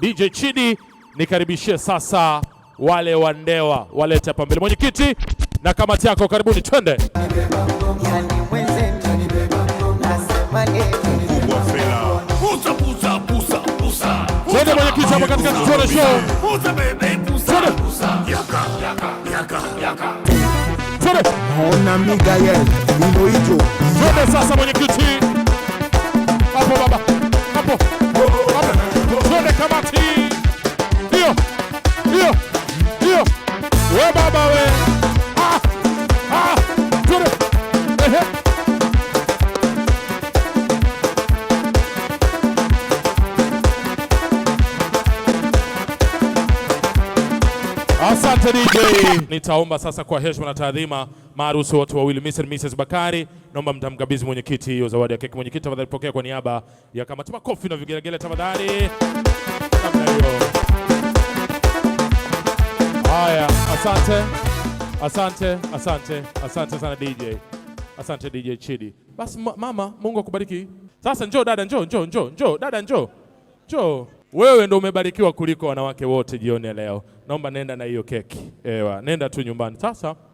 DJ Chidi, nikaribishie sasa wale wa Ndewa, walete hapa mbele mwenyekiti na kamati yako, karibuni, twende twende mwenyekiti hapa katika Tutone Show, twende sasa mwenyekiti Asante DJ. Nitaomba sasa kwa heshima na taadhima maarufu watu wawili Mr. Mrs. Bakari, naomba mtamkabidhi mwenyekiti hiyo zawadi ya keki. Mwenyekiti tafadhali pokea kwa niaba ya kamati. Makofi na vigelegele tafadhali. Haya, asante. Asante, asante, asante sana DJ. Asante DJ Chidi. Basi mama, Mungu akubariki. Sasa njoo dada, njoo, njoo, njoo, njoo, dada njoo. Njoo. Wewe ndo umebarikiwa kuliko wanawake wote jioni ya leo. Naomba nenda na hiyo keki. Ewa, nenda tu nyumbani sasa.